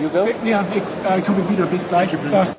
You go? Yeah, ich, äh, ich komme wieder. Bis gleich. Ja.